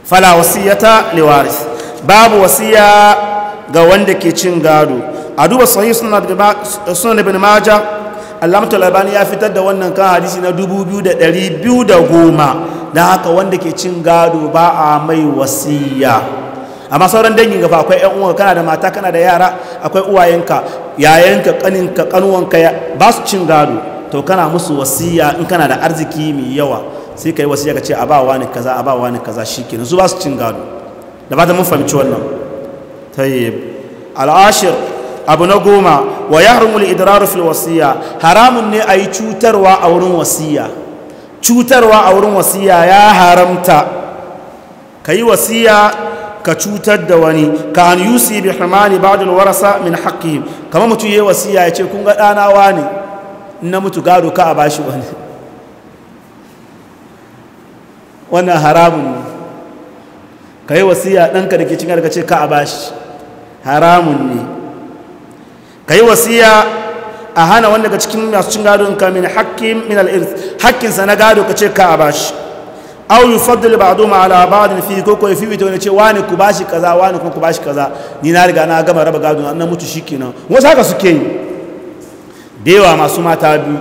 fala wasiyata liwaris babu wasiya ga wanda ke cin gado a duba sahih sunan ibn majah alamtul albani ya fitar da wannan kan hadisi na 2210 da haka wanda ke cin gado ba a mai wasiya amma sauran dangin gaba akwai yan uwanka kana da mata kana da yara akwai uwayenka yayanka kaninka kanuwanka ba su cin gado to kana musu wasiya in kana da arziki mai yawa sai ka yi wasiya ka ce a ba wani kaza a ba wani kaza shikenan su ba su cin gado da ba ta mun fahimci wannan tayyib al'ashir abu na goma wa yahrumul idraru fil wasiya haramun ne ayi cutarwa a wurin wasiya cutarwa a wurin wasiya ya haramta ka yi wasiya ka cutar da wani ka an yusi bi hamani ba'dul warasa min haqqi kamar mutu yayi wasiya ya ce kun ga dana wani na mutu gado ka a bashi wani wannan haramun ne ka yi wasiya ɗanka da ke cin ka ce ka a bashi haramun ne ka yi wasiya a hana wanda daga cikin masu cin gado ka min haƙƙin min al'irth haƙƙinsa na gado ka ce ka a bashi au yufaddal ba'dhum ala ba'd fi ko ko fi wito ne ce wani ku bashi kaza wani kuma ku bashi kaza ni na riga na gama raba gado na mutu shikenan wasu haka suke yi dewa masu mata biyu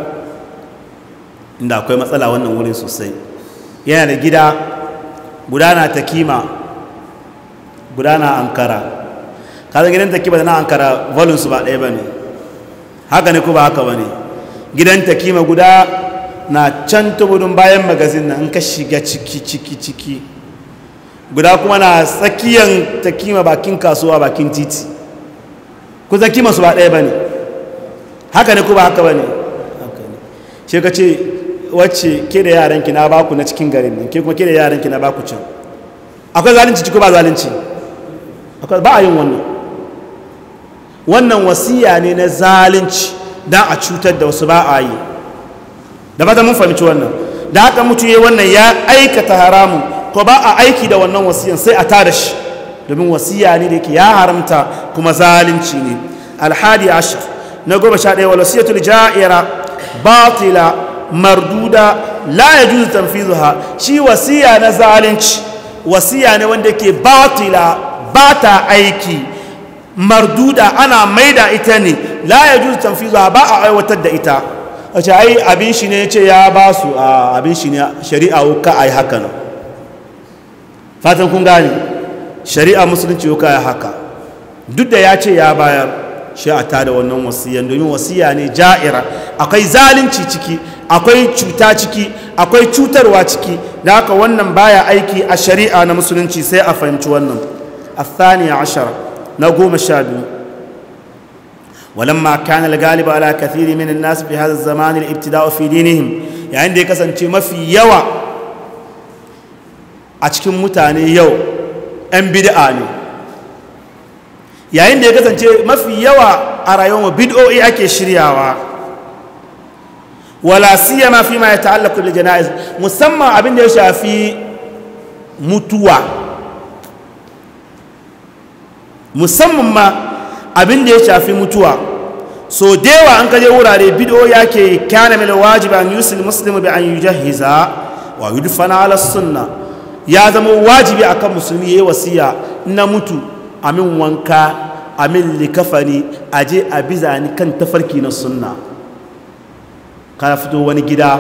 inda akwai matsala wannan wurin sosai yana da gida gudana ta kima gudana ankara kaza gidan ta kima da na ankara volume su ba ɗaya ba ne haka ne ku ba haka ba ne gidan ta kima guda na can tubudun bayan magazin na in ka shiga ciki ciki ciki guda kuma na tsakiyan kima bakin kasuwa bakin titi ku zaki masu ba ɗaya ba ne haka ne ku ba haka ba ne shi ka ce wacce ke da yaranki na baku na cikin garin nan ke kuma ke da yaranki na baku can akwai zalunci ko ba zalunci ba a yin wannan wannan wasiya ne na zalunci don a cutar da wasu ba a yi da ba mun fahimci wannan da haka mutum ya wannan ya aikata haramun ko ba a aiki da wannan wasiyan sai a tada shi domin wasiya ne da yake ya haramta kuma zalunci ne alhadi ashir na goma sha ɗaya walasiyatul ja'ira batila marduda la ya yajuzu zuha shi wasiya na zalunci wasiya ne wanda yake batila ba ta aiki marduda ana maida ita ne la ya yajuzu zuha ba a aiwatar da ita a ce ai abin shi ne ce ya ba su a abin shi ne shari'a wuka a yi haka nan fatan kun gani shari'a musulunci wuka ya haka duk da ya ce ya bayar shi a tada wannan wasiyan domin wasiya ne ja'ira akwai zalunci ciki akwai cuta ciki akwai cutarwa ciki da haka wannan baya aiki a shari'a na musulunci sai a fahimci wannan A na goma sha biyu. walamma kana al-galibu ala kathiri min an-nas fi hadha az-zaman al-ibtida'u fi dinihim yayin da ya kasance mafi yawa a cikin mutane yau yan bid'a ne yayin da ya kasance mafi yawa a rayuwar bid'o'i ake shiryawa wala siyama fi ma yata'allaqu bil jana'iz musamman abin da ya shafi mutuwa musamman ma abin da ya shafi mutuwa so dewa an kaje wurare bido ya ke kyana mai wajiba an yusul muslimu bi an yujahiza wa yudfana ala sunna ya zama wajibi akan musulmi yayi wasiya na mutu amin wanka amin likafani aje a ni kan tafarki na sunna Kana fito wani gida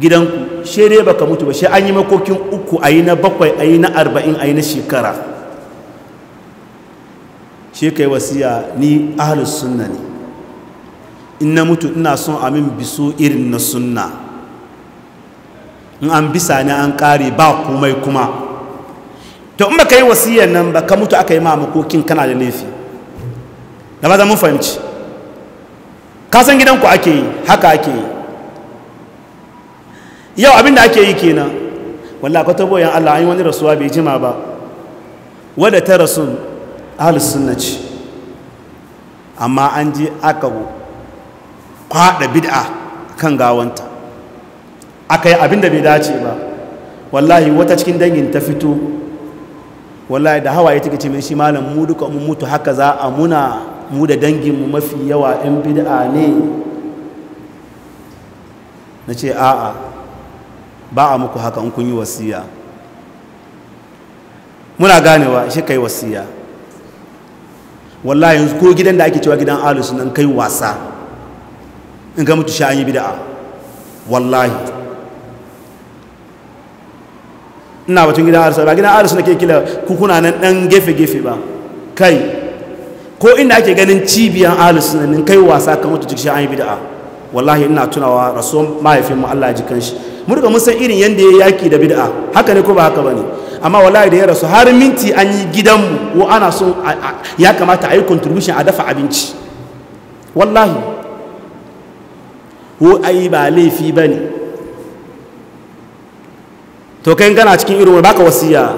gidanku shere baka mutu ba shi an yi makokin uku ayi na bakwai ayi na arba'in ayi na shekara shi kai wasiya ni ahlus sunna ne in na mutu ina son amin biso irin na sunna in an bisa ne an kare ba komai kuma to in baka yi wasiyar nan ba ka mutu aka yi ma makokin kana da laifi da ba za mun fahimci ka gidanku ake yi haka ake yi yau abin da ake yi kenan wallah akwai Allah an yi wani rasuwa bai jima ba wadda ta rasu ahlus sunna ce amma an je aka kwada bid'a kan gawanta aka yi abin bai dace ba wallahi wata cikin dangin ta fito wallahi da ya take ce mai shi malam mu duka mun mutu haka za a muna mu da dangin mu mafi yawa 'yan bid'a ne na ce a'a ba a muku haka in kun yi wasiya muna ganewa shi ka yi wasiya wallahi ko gidan da ake cewa gidan ahlus sunan kai wasa in ka mutu sha'an yi bid'a wallahi ina batun gidan ahlus ba gidan ahlus sunan ke kila kukuna nan dan gefe gefe ba kai ko inda ake ganin cibiyan ahlus sunan kai wasa ka mutu cikin sha'an yi bid'a wallahi ina tunawa rasuwan mahaifinmu Allah ya ji kanshi mun riga mun san irin yanda ya yaki da bid'a haka ne ko ba haka bane amma wallahi da ya rasu har minti an yi gidanmu ko ana so ya kamata a yi contribution a dafa abinci wallahi ko ai ba laifi ba ne to kai gana cikin irin baka wasiya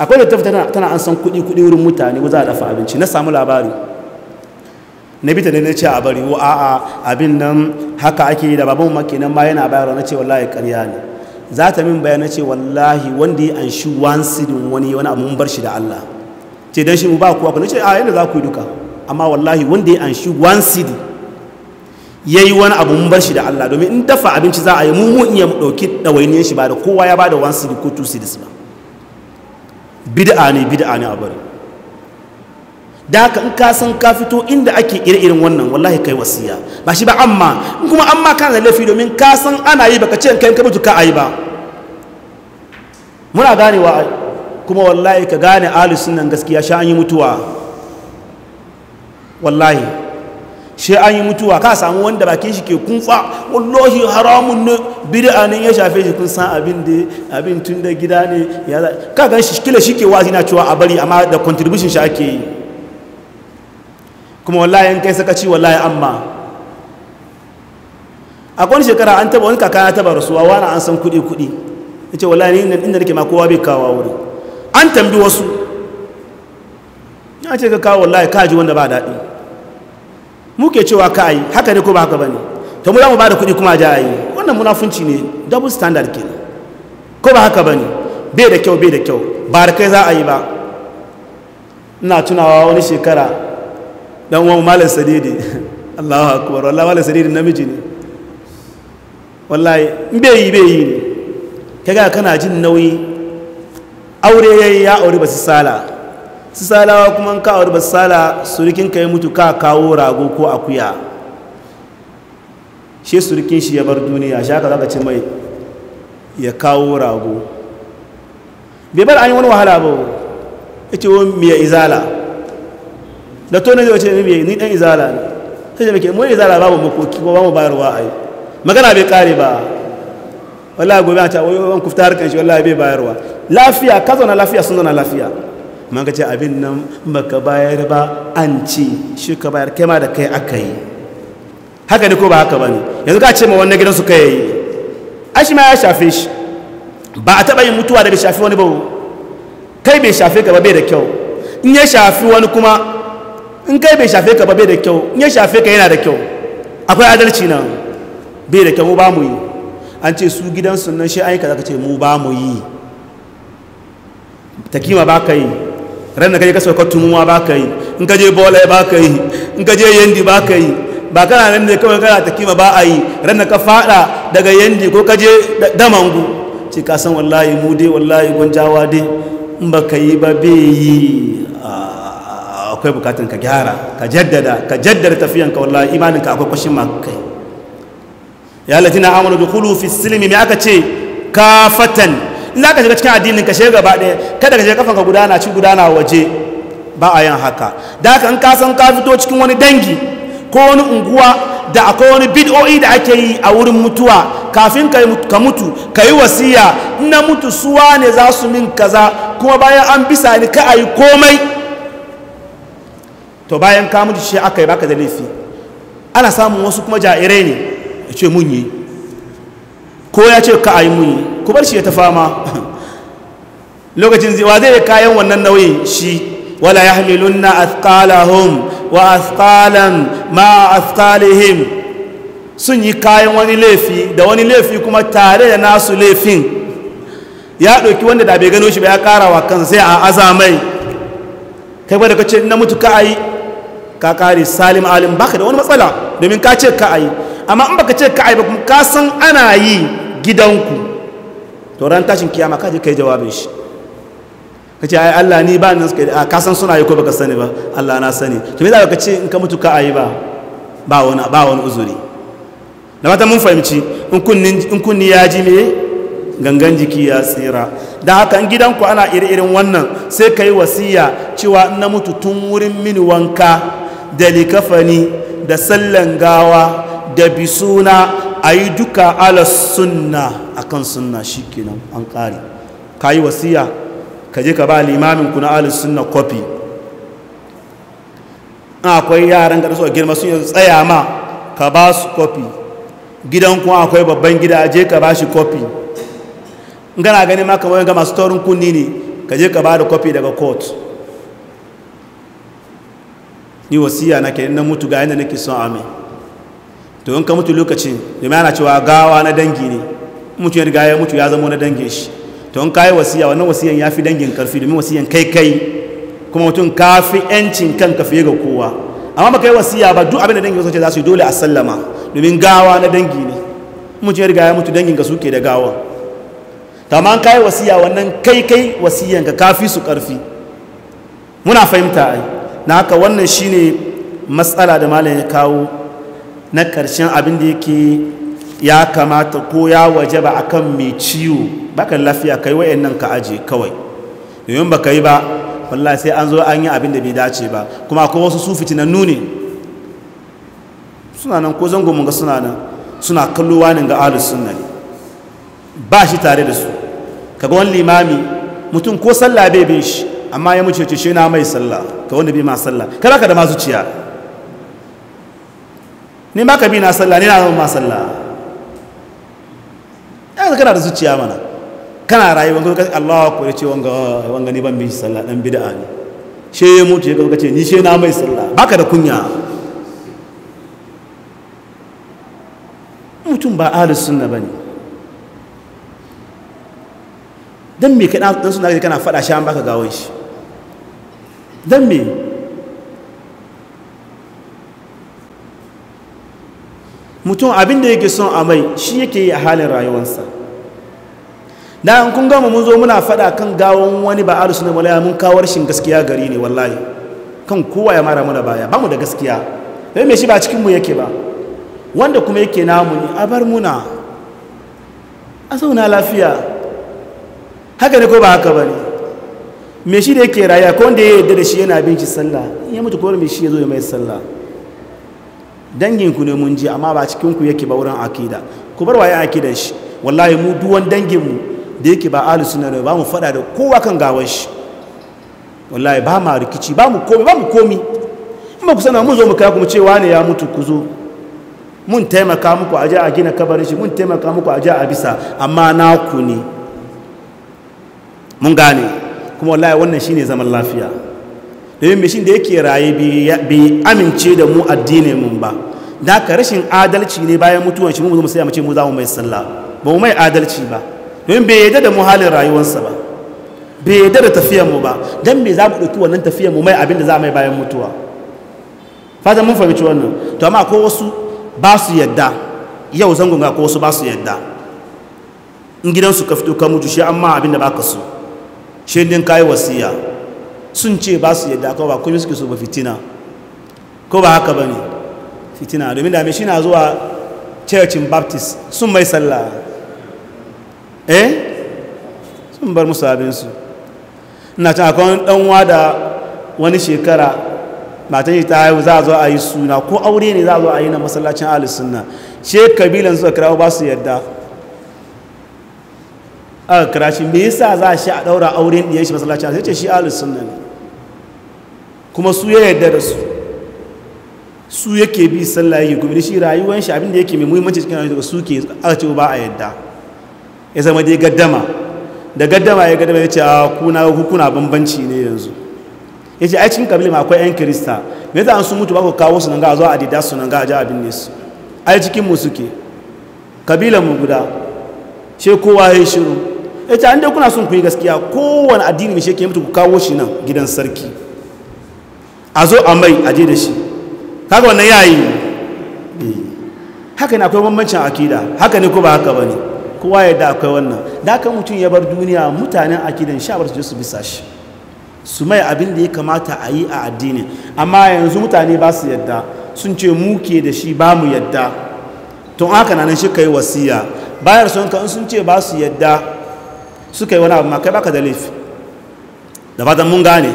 akwai da tafi tana an san kuɗi kuɗi wurin mutane ko za a dafa abinci na samu labari na bita ne na ce a bari wa a'a abin nan haka ake yi da baban makinan ma yana bayarwa na ce wallahi karya ne za ta min bayana ce wallahi wanda ya an shi wansidin wani wani abu bar shi da Allah ce don shi mu ba kuwa kuna ce a yadda za ku yi duka amma wallahi wanda ya an shi wansidi ya yi wani abu bar shi da Allah domin in dafa abinci za a yi mu mun iya mu ɗauki ɗawainiyar shi ba da kowa ya ba da wansidi ko tusidi ba bid'a ne bid'a ne a bari da haka in ka san ka fito inda ake irin wannan wallahi kai wasiya ba shi ba amma in kuma amma kana da laifi domin ka san ana yi baka ce kai ka ka ayi ba muna gane wa kuma wallahi ka gane ahlus sunnan gaskiya sha an yi mutuwa wallahi shi an yi mutuwa ka samu wanda bakin shi ke kunfa wallahi haramun ne bid'a ne ya shafe shi kun san abin da abin tun da gida ne ya ka gan shi kila shi ke wazi na cewa a bari amma da contribution shi ake yi kuma wallahi in kai sakaci wallahi amma a kwan shekara an taba wani kakana taba rasuwa wani an san kudi kudi ya ce wallahi ne inda nake ma kowa bai kawo wuri an tambi wasu ya ce ka kawo wallahi kaji ji wanda ba daɗi muke cewa ka yi haka ne ko ba haka ba ne ta mu za mu ba da kudi kuma ja yi wannan munafunci ne double standard ke ko ba haka ba ne bai da kyau bai da kyau ba da kai za a yi ba ina tunawa wani shekara dan uwan malam sadidi (laughs) Allahu akbar wallahi malam sadidi namiji ne wallahi in bai yi bai yi ne kaga kana jin nauyi aure ya yi ya aure su sala su salawa kuma ka aure su sala surikin ka ya mutu ka kawo rago ko akuya shi surukin shi ya bar duniya shi haka zaka ce mai ya kawo rago bai bar an yi wani wahala ba ya ce wani mai izala da to ne zai wace bibi ni dan izala ne sai muke mu izala babu makoki ko bamu bayarwa ai magana bai kare ba wallahi gobe a ta wai ban kufta harkan shi wallahi bai bayarwa lafiya ka zauna lafiya sun zauna lafiya man ka ce abin nan baka bayar ba an ci shi ka bayar kai ma da kai aka yi haka ne ko ba haka bane yanzu ka ce ma wannan gidansu kai yayi ashi ma ya shafe shi ba a taba yin mutuwa da bai shafi wani ba kai bai shafe ka ba bai da kyau in ya shafi wani kuma in kai bai shafe ka ba bai da kyau in ya shafe ka yana da kyau akwai adalci nan bai da kyau mu ba mu yi an ce su gidan sunan shi aika zaka ce mu ba mu yi takima ba ka yi ran da kaje ka sauka tumuwa ba ka yi in ka je bola ba ka yi in ka je yandi ba ka yi ba kana nan ne kawai kana takima ba a yi ran da ka fada daga yandi ko ka je damangu ce ka san wallahi mu dai wallahi gunjawa dai in ba ka yi ba bai yi ah. akwai bukatun ka gyara ka jaddada ka jaddada tafiyanka wallahi imaninka akwai kwashin maka ya latina amanu dukulu fi silimi me aka ce kafatan in ka shiga cikin addinin ka shiga gaba ɗaya kada ka shiga kafanka gudana ci gudana waje ba a yin haka da haka in ka san ka fito cikin wani dangi ko wani unguwa da akwai wani bid'o'i da ake yi a wurin mutuwa kafin ka mutu ka yi wasiya na mutu suwa ne za su min kaza kuma bayan an bisa ni ka a yi komai to bayan ka mutu shi aka yi baka da laifi ana samun wasu kuma jairai ne ya ce mun ko ya ce ka a yi mun ku bar shi ya ta fama (laughs) lokacin wa zai kayan wannan nauyin shi wala ya na athqalahum wa athqalan ma athqalihim sun yi kayan wani laifi da wani laifi kuma tare da nasu laifin ya ɗauki wanda da bai gano shi ba ya ƙara wa kan sai a azamai kai ba da kace na mutu ka yi. ka kare salim alim baka da wani matsala domin ka ce ka ayi amma in baka ce ka ayi ba kuma ka san ana yi gidanku to ran tashin kiyama ka ji kai jawabin shi ka ce ai Allah ni ba nan suka ka san suna yi ko baka sani ba Allah na sani to me za ka ce in ka mutu ka ayi ba ba wani ba wani uzuri da mata mun fahimci in kunni in kunni ya ji me gangan jiki ya tsira da haka gidanku ana iri-irin wannan sai ka yi wasiya cewa na mutu tun wurin mini wanka da likafani da sallan gawa da bisuna a yi duka ala sunna a kan sunna shi kenan an ƙari ka yi wasiya ka je ka ba limamin na ala sunna kofi akwai yaran ka da girma sun yi tsaya ma ka ba su kofi gidan kuma akwai babban gida je ka ba shi kofi gana gani ma kamar ga masu taurin kunni ne ka je ka ba da kofi daga kotu ni wasiya na kenan na mutu ga yadda nake son ame to in ka mutu lokacin da mai ana cewa gawa na dangi ne mutu ya gaya mutu ya zama na dangin shi to in kayi wasiya wannan wasiyan ya fi dangin karfi domin wasiyan kai kai kuma mutum ka fi yancin kanka fiye ga kowa amma ba kai wasiya ba duk abin da dangin sun za su yi dole a sallama domin gawa na dangi ne mutu ya riga ya mutu dangin ka suke da gawa to amma kayi wasiya wannan kai kai wasiyan ka kafi su karfi muna fahimta ai na haka wannan shi ne matsala da malin ya kawo na ƙarshen abin da yake ya kamata ko ya waje ba akan mai ciwo bakan lafiya kai nan ka aje kawai domin ka yi ba wallahi sai an zo an yi abin da bai dace ba kuma akwai wasu su fitinannu nuni suna nan ko zango mun ga suna nan suna kallo wani ga ahlus sunna ne ba shi tare da su kaga wani limami mutum ko sallah bai bin shi amma ya muce ce shi na mai sallah ka wanda bi ma sallah ka baka da ma zuciya ni ma ka bi na sallah ni na zama ma sallah yanzu kana da zuciya mana kana rayuwa ga kace Allah ko ya ce wanga wanga ni ban bi sallah dan bid'a ne she ya mutu ya ga ce ni she na mai sallah baka da kunya mutum ba ahlus sunna bane don me ka ɗan suna kana fada shi an baka gawon shi don me mutum abin da yake son amai shi yake yi a halin rayuwarsa da an kun gama mun zo muna faɗa kan gawon wani ba arusu na malaya mun kawar shi gaskiya gari ne wallahi kan kowa ya mara mana baya ba mu da gaskiya bai mai shi ba cikinmu yake ba wanda kuma yake namu ne a bar muna a zauna lafiya haka ne ko ba haka ba ne mai shi da yake raya ko wanda ya yi da shi yana bin shi sallah ya mutu kowar mai shi ya zo ya mai sallah danginku ne mun ji amma ba cikinku yake ba wurin akida ku bar waye akidan shi wallahi mu duwan danginmu da yake ba alisu na ba mu fada da kowa kan gawar shi wallahi ba ma rikici ba mu komi ba mu komi in ba ku sana mun zo mu kai ku mu ce ya mutu ku zo mun taimaka muku aje a gina kabarin shi mun taimaka muku aje a bisa amma na ku ne mun gane kuma wallahi wannan shine zaman lafiya domin mai shi da yake raye bai amince da mu addinin mun ba da ka rashin adalci ne bayan mutuwan shi mu sai mu ce mu za mu mai sallah ba mu mai adalci ba domin bai yadda da mu halin rayuwarsa ba bai yadda da tafiyar mu ba dan me za mu ɗauki wannan tafiyar mu mai abin da za mai bayan mutuwa fata mun fahimci wannan to amma ko wasu ba su yadda, yau zangon ga ko wasu ba su yadda, in gidansu ka fito ka mutu shi amma abin da baka so shaidin kayi wasiya sun ce ba su yadda ko ba kuma suke so ba fitina ko ba haka ba ne fitina domin da shi na zuwa churchin baptist sun mai sallah eh sun bar musu abinsu ina can akwai ɗanwa da wani shekara matan yi ta haihu za a zo a yi suna ko aure ne za a zo a yi na masallacin alisunna shekabilan su a kira ba su yadda aka kira shi me yasa za shi a daura auren ɗiyan shi masallaci sai ce shi ahlus sunna ne kuma su ya yarda da su su yake bi sallah yake da shi rayuwar shi abinda yake mai muhimmanci cikin rayuwar su ke aka ce ba a yarda ya zama dai gaddama da gaddama ya gaddama ya ce a kuna hukuna bambanci ne yanzu ya ce aikin kabila ma akwai 'yan kirista me yasa an sun mutu ba ku kawo su nan ga zuwa adida su nan ga aji abin ne su ai cikin mu suke kabilan mu guda she kowa ya shiru ita an dai kuna son kuyi gaskiya kowane addini mai shekai mutu ku kawo shi nan gidan sarki a zo a mai aje da shi kaga wannan yayi eh. haka ne akwai bambancin akida haka ne ko ba haka ba ne kowa yadda akwai wannan da aka mutum ya bar duniya mutanen akidan sha bar su je su bisa shi su mai abin da ya kamata a yi a addini amma yanzu mutane ba su yadda sun ce mu ke da shi ba mu yadda tun haka na nan shi ka yi wasiya bayar sun ka in sun ce ba su yadda suka yi wani abu ma baka da laifi da fatan mun gane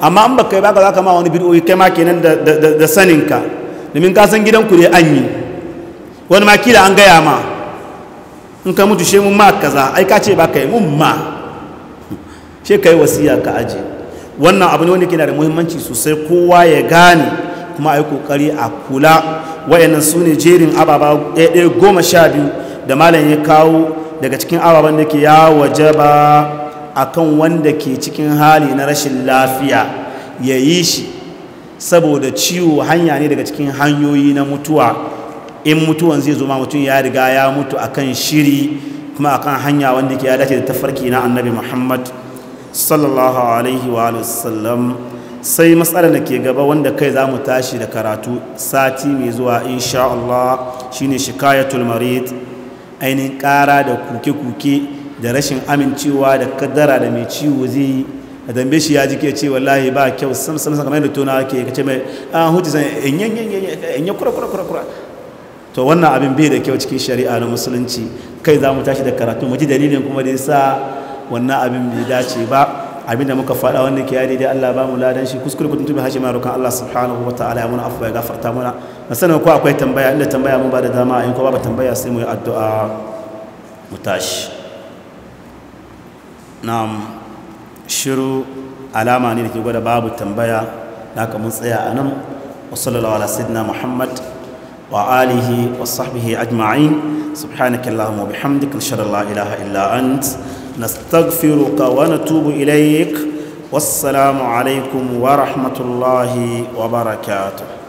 amma an baka yi baka za ka ma wani bidiyo kai ma kenan da saninka domin ka san gidanku ne an yi wani ma kila an gaya ma in ka mutu shi mun ma kaza ai ka ce baka yi mun ma shi ka yi wasiya ka aje wannan abu ne wanda ke da muhimmanci sosai kowa ya gane kuma a yi kokari a kula wayannan su ne jerin ababa ɗaya goma sha biyu da malam ya kawo daga cikin ababen da ke ya wajaba akan wanda ke cikin hali na rashin lafiya ya yi shi saboda ciwo hanya ne daga cikin hanyoyi na mutuwa in mutuwan zai zoma mutum ya riga ya mutu akan shiri kuma akan hanya wanda ke ya dace da tafarki na annabi muhammad sallallahu alaihi wa sallam sai matsalar da ke gaba wanda kai za mu tashi da karatu sati mai zuwa insha Allah shine shikayatul marid ainihin ƙara da kuke-kuke da rashin amincewa da kaddara da mai ciwo zai yi a dambe shi ya ji ke ce wallahi ba kyau sam sam kamar da tona ke kace mai an hutu san enyen kura kura kura kura to wannan abin bai da kyau cikin shari'a na musulunci kai za mu tashi da karatu mu ji dalilin kuma da yasa wannan abin bai dace ba abinda muka faɗa wannan ke yadi dai Allah ba mu ladan shi kuskure kudin tubi hashima rokan Allah subhanahu wa ta'ala ya muna afwa ya gafarta muna masana ko akwai tambaya inda tambaya mun ba da dama in ko ba tambaya sai mu yi addu'a mu tashi na'am shiru alama ne da ke gwada babu tambaya da haka mun tsaya a nan wa sallallahu ala sayyidina muhammad wa alihi wa sahbihi ajma'in subhanaka allahumma wa bihamdika nashhadu an la ilaha illa ant nastaghfiruka wa natubu ilaik wassalamu alaikum wa rahmatullahi wa barakatuh